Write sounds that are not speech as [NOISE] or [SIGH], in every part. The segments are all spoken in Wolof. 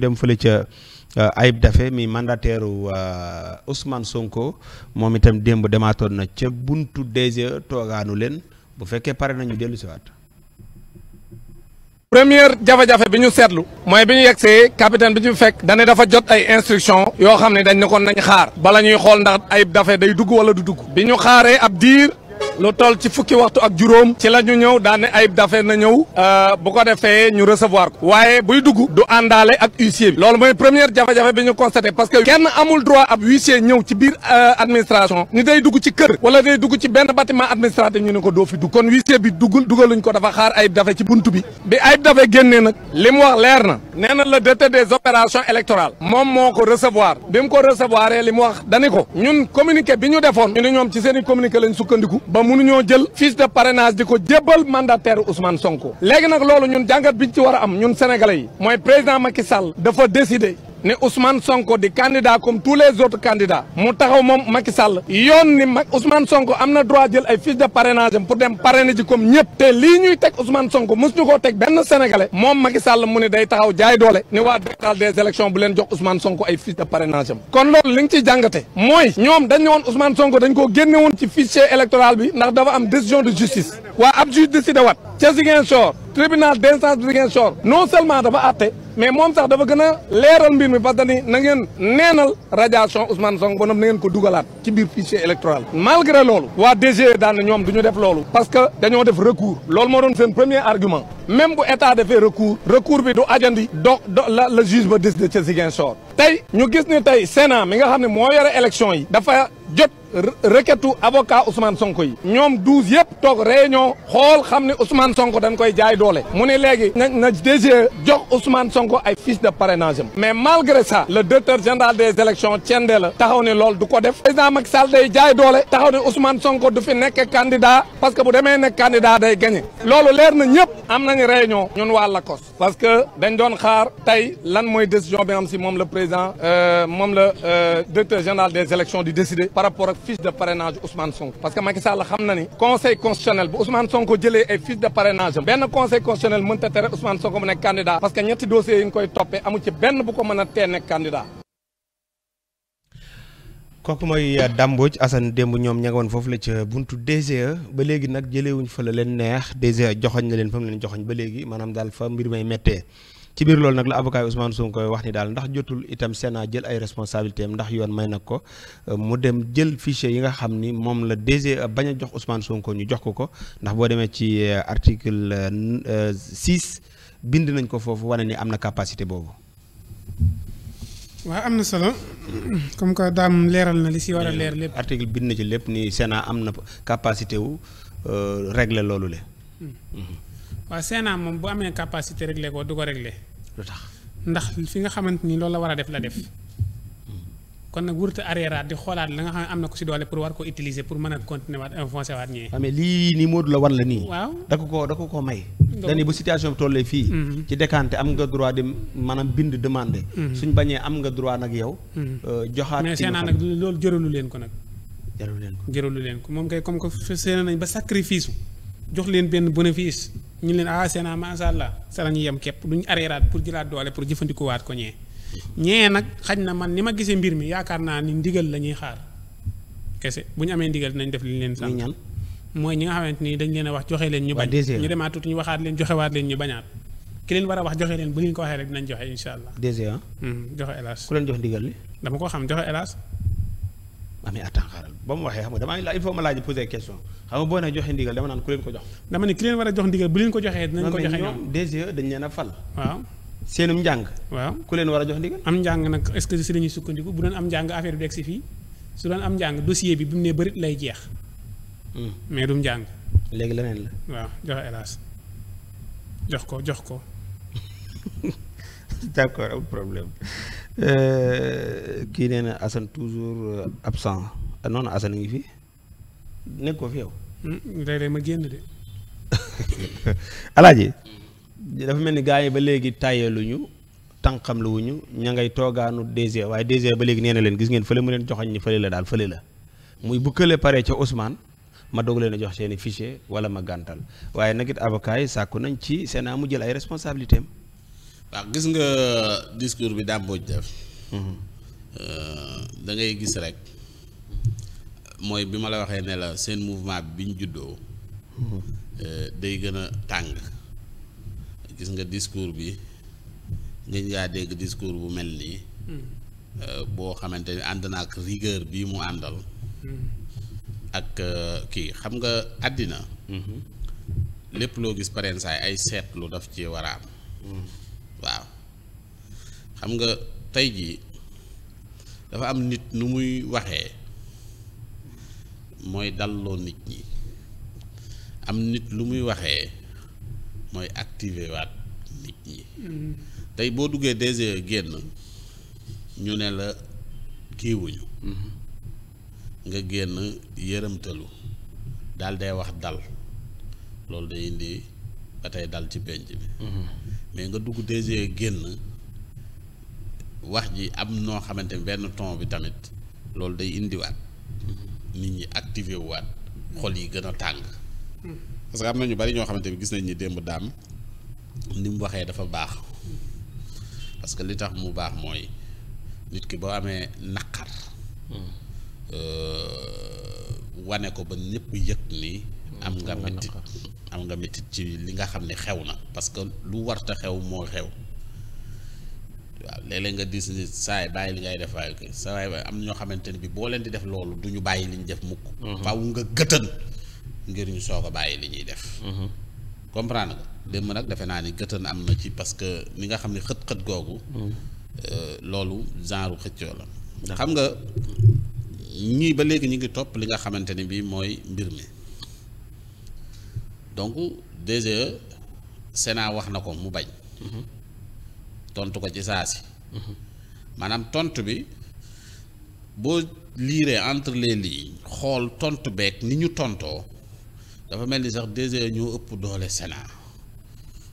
dem fële ca euh, Ayib Daffé mi mandataire euh, Ousmane Sonko moom itam démb demaatoon na ca buntu DGE toogaanu leen bu fekkee pare nañu dellu si première jafe-jafe bi ñu seetlu mooy bi ñu yegsee capitaine bi ñu fekk dane dafa jot ay instruction yoo xam ne dañ kon nañ xaar bala ñuy xool ndax ay Daffé day dugg wala du dugg bi ñu xaaree ab diir lu toll ci fukki waxtu ak juróom ci la ñu ñëw daane Ayib Daffé na ñëw euh, bu ko defee ñu recevoir ko waaye buy dugg du àndaale ak huissier bi loolu mooy première jafe-jafe bi ñu constaté parce que kenn amul droit ab huissier ñëw ci biir euh, administration ni day dugg ci kër wala day dugg ci benn bâtiment administratif ñu ne ko doo fi dugg kon huissier bi duggul dugaluñ ko dafa xaar Ayib Daffé ci buntu bi bi Ayib Daffé génnee nag li mu wax leer na nee na le directeur des opérations moom moo ko recevoir bi mu ko li mu wax dani ko ñun communiqué bi ñu defoon ñu ne ñoom ci seen i communiqué lañ sukkandiku ba mënuñoo jël fiche de parrainage di ko jébbal mandataire Ousmane Sonko léegi nag loolu ñun jàngat biñ ci war a am ñun sénégalais yi mooy président Macky Sall dafa décider ne Ousmane Sonko di candidat comme tous les autres candidats mu taxaw moom Macky Sall yoon ni mag Ousmane Sonko am na droit jël ay fiche de parrainage am pour dem parrainer ji comme ñëpp te lii ñuy teg Ousmane Sonko mos ñu koo teg benn sénégalais moom Macky Sall mu ne day taxaw jaay doole ni waa décret des élections bu leen jox Ousmane Sonko ay fiche de parrainage am kon loolu li nga ciy jàngate ñoom dañ ne woon Ousmane Sonko dañ koo génne woon ci fichier électoral bi ndax dafa am décision de justice waa ab juge décidé waat ca Ziguinchor tribunal d'instance mais moom sax dafa gën a leeral mbir mi parce que ni na ngeen neenal radiation Ousmane Sonko bonam na ngeen ko dugalaat ci biir fichier électoral malgré loolu waa DG e daan ñoom duñu def loolu parce que dañoo def recours loolu moo doon seen premier argument même bu état defee recours recours bi du ajandi do la le juge ba des ca Ziguinchor tey ñu gis ni tey Sénat mi nga xam ne moo yore élection yi dafa jot requêtu avocat Ousmane Sonko yi ñoom douze yëpp toog réunion xool xam ne Ousmane Sonko dañ koy jaay doole mu ne léegi na na DG jox Ousmane Sonko ay fiche de parrainage am mais malgré ça le directeur général des élections Thiendella la taxaw ne lool du ko def président Macky Sall day jaay doole taxaw ne Ousmane Sonko du fi nekk parce que bu demee nekk candidat day gagné loolu leer na ñëpp am na nañ réunion ñun waa Lacoste parce que dañ doon xaar tey lan mooy décision bi nga xam si moom la président euh, moom la euh, directeur général des élections di décider par rapport ak fiche de parrainage Ousmane Sonko parce que Macky Sall xam na ni conseil constitutionnel bu Ousmane Sonko jëlee ay fiche de parrainage am benn conseil constitutionnel mënta tere Ousmane Sonko mu nekk candidat parce que ñetti dossiers yi ñu koy toppee amu ci benn bu ko mën a tee nekk candidat kooku mooy euh, Dame Mbodj Assane démb ñoom ña nga woon foofu la ca buntu DGE ba léegi nag jëleewuñ fa la leen neex DGE joxoñ na leen fa mu leen joxoñ ba léegi maanaam daal fa mbir may méttee ci biir loolu nag la avocat Ousmane Sonko koy wax ni daal ndax jotul itam Sénat jël ay responsabilité ndax yoon may nag ko euh, mu dem jël fichier yi nga xam ni moom la DGE bañ a jox Ousmane Sonko ñu jox ko ko ndax boo demee ci euh, article 6 bind nañ ko foofu wane ni am na capacité boobu waaw am na solo comme que daam leeral na li si war a leer lépp. article bi na ci lépp ni Sénat am na capacité wu euh, régler loolu le hmm. waaw Sénat moom bu amee capacité régler ko du ko régle lu tax ndax fi nga xamante ni loolu la war a def la def. kon nag wurta arrière di xoolaat la nga xam ne ko si doole pour war ko utiliser pour mën a continuer waat avancer waat ñee. waaw ah, mais lii nii Modou la wan la nii. waaw ko koo da ko koo may. dani bu situation bi tollee fii. Mhm. ci décanté am nga droit di maanaam bind demandé. Mhm. suñ bañee am nga droit nag yow. Mhm. Euh, joxaat mais seenaa nag loolu jëralu leen ko nag. jëralu leen ko jëralu leen ko moom kay comme que seen nañ ba sacrifice jox leen benn bénéfice ñu leen ah seenaa macha allah sa la ñuy yem képp duñ arrière pour doole pour jëfandikoo ko ñee. ñee nag xaj na man ni ma gisee mbir mi yaakaar naa ni ndigal la ñuy xaar kese bu ñu amee ndigal dinañ def li ñu leen sant mooy ñi nga xamante ni dañ leen a wax joxe leen ñu bañ ñu demaat tuuti ñu waxaat leen joxewaat leen ñu wax joxe leen ko waxee rek dinañ hmm, jox ndigal li dama ko xam joxe hélas amee ah, attends xaaral ba xam nga damaa la il faut ma laaj poser question xam nga boo nee joxe ndigal dama naan ku leen ko jox dama ne ki leen war a jox ndigal bu leen ko joxee dinañ ko joxe ñoom DGE dañ leen a fal waaw seenum njàng. waaw ku leen war a jox ndigal. am njàng nag est-ce que si la ñuy sukkandiku bu doon am njàng affaire bi egg si fii su doon am njàng dossier bi bi mu nee bërit lay jeex. Hmm. mais du njàng. léegi leneen la. waaw joxe hélas jox ko jox ko. [LAUGHS] d'accord am problème euh, kii nee na Assane toujours euh, absent euh, noonu Assane ngi fi nekk koo fi yow. Hmm, léeg-léeg ma génn de. yi [LAUGHS] dafa mel ni gars yi ba léegi tàyyeeluñu tànqam lu wuñu ñu ngay toogaanu DG waaye DG ba léegi nee na leen gis ngeen fële mu leen joxañ ni fële la daal fële la muy bu kële pare ca Ousmane ma doog leen a jox seeni fichier wala ma gàntal waaye nag it avocat sàkku nañ ci seen mu jël ay responsabilité am gis nga discours bi dàmbooj def mhm. euh, da gis rek mooy bi ma la waxee ne la seen mouvement bi ñu juddoo mhm. euh, day gën a tàng gis nga discours bi ngeen yaa dégg discours bu mel nii. Euh, boo xamante ni ànd na ak rigueur bii mu àndal. ak euh, kii xam nga àddina. lépp loo gis pareen saay ay lu daf ci war a waaw xam nga tey jii dafa am nit lu muy waxee mooy dalloo nit ñi am nit lu muy waxee. mooy activer waat nit ñi. Mm-hmm. tey boo duggee DGE génn ñu ne la kiiwuñu mm-hmm. nga génn yërëmtalu daal day wax dal loolu day indi ba tey dal ci penc bi. Mm-hmm. mais nga dugg DGE génn wax ji am noo xamante ni benn ton bi tamit loolu day indiwaat. nit ñi activer waat xol yi gën a tàng. parce que am na ñu bari ñoo xamante ni gis nañ ni démb daam ni mu waxee dafa baax parce que li tax mu baax mooy nit ki boo amee naqar. Euh, wane ko ba ñëpp yëg ni. am nga mettit am nga mettit ci li nga xam ne xew na parce que lu warta xew moo xew waaw léeg-léeg nga dis ni saay bàyyi li ngay def waaye sa waay am na ñoo xamante ne bi boo leen di def loolu du ñu bàyyi li ñu def mukk mm-hmm. faaw nga gëtën ngir ñu soog a bàyyi li ñuy def. Mhm. comprendre nga. démb nag defe naa ni gëtën am na ci parce que ni nga xam ne xët-xët googu. Mhm. Euh, loolu genre xëccoo la. xam nga ñii ba léegi ñu ngi topp li nga xamante ni bii mooy mbir mi donc DGE Sénat wax na ko mu bañ. Mhm. tontu ko ci saa si. maanaam tontu bi boo liiree entre les lignes xool tontu beek ni ñu tontoo. dafa mel ni sax DG ñoo ëpp doole Sénat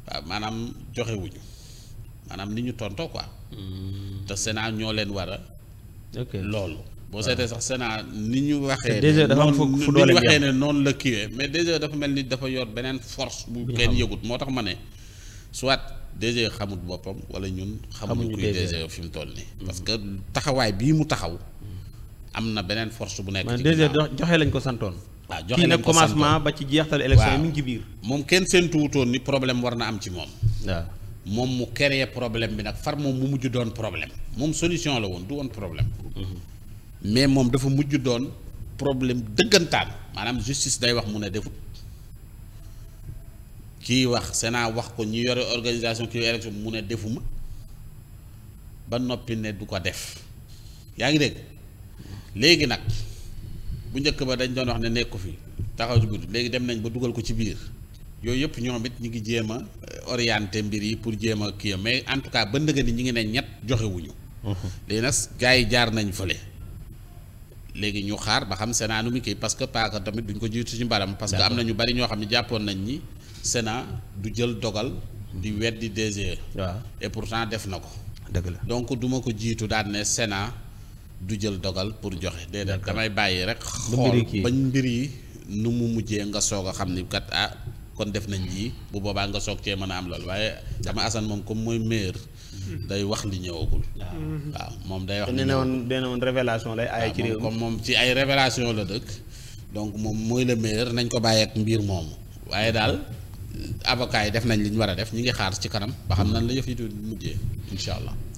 waaw maanaam joxewuñu maanaam ni ñu tontoo ko hmm. te Sénat ñoo leen war a. loolu. boo ah. seetee sax Sénat ni ñu waxee. fu doole waxee ne noonu la kiiwee mais DG dafa mel ni dafa yor beneen force. bu kenn yëgut moo tax ma ne. soit DG xamut boppam wala ñun. xamuñu kuy DG fi mu toll nii. Hmm. parce que taxawaay bii mu taxaw. Hmm. am na beneen force bu nekk. ci DG joxe lañ ko santoon. waa joxe nañ commencement ba ci jeextal élection a mu ci biir. moom kenn seen tuutoon ni problème war na am ci moom. moom mu créé problème bi nag far moom mu mujj doon problème moom solution la woon du woon problème. Mm-hmm. mais moom dafa mujj doon problème dëggantaan maanaam justice day wax mu ne defut kiy wax Sénat wax ko ñu yore organisation kii élection mu ne defuma ba noppi ne du ko def yaa ngi dégg léegi nag. bu njëkk ba dañ doon wax ne nekku fi taxaw ci guddi léegi dem nañ ba dugal ko ci biir yooyu yëpp ñoom it ñu ngi jéem a euh, orienté mbir yi pour jéem a kii mais en tout cas ba ndëgën ni ñu ngi ne ñett joxewuñu mhm. léegi na gars yi jaar nañ fële léegi ñu xaar ba xam Sénat nu mu kii parce que paaka tamit duñ ko jiitu ci mbaram parce que am na ñu bari ñoo xam ne jàppoon nañ ni Sénat du jël dogal di weddi DGE waaw et pourtant def na ko dëgg duma ko jiitu daan ne Sénat du jël dogal pour joxe déedéet damay bàyyi rek xool bañ mbir yi nu mu mujjee nga soog a xam ni kat ah kon def nañ lii bu boobaa nga soog cee mën a am lool waaye dama asan moom comme mooy maire day wax li ñëwagul waaw moom day wax li ñëwagul nee na woon révélation lay ay ci moom ci ay révélation la dëkk donc moom mooy le maire nañ ko bàyyi ak mbir moomu waaye daal avocats yi def nañ li ñu war a def ñi ngi xaar ci kanam ba xam nañ la yëf yi di mujjee incha allah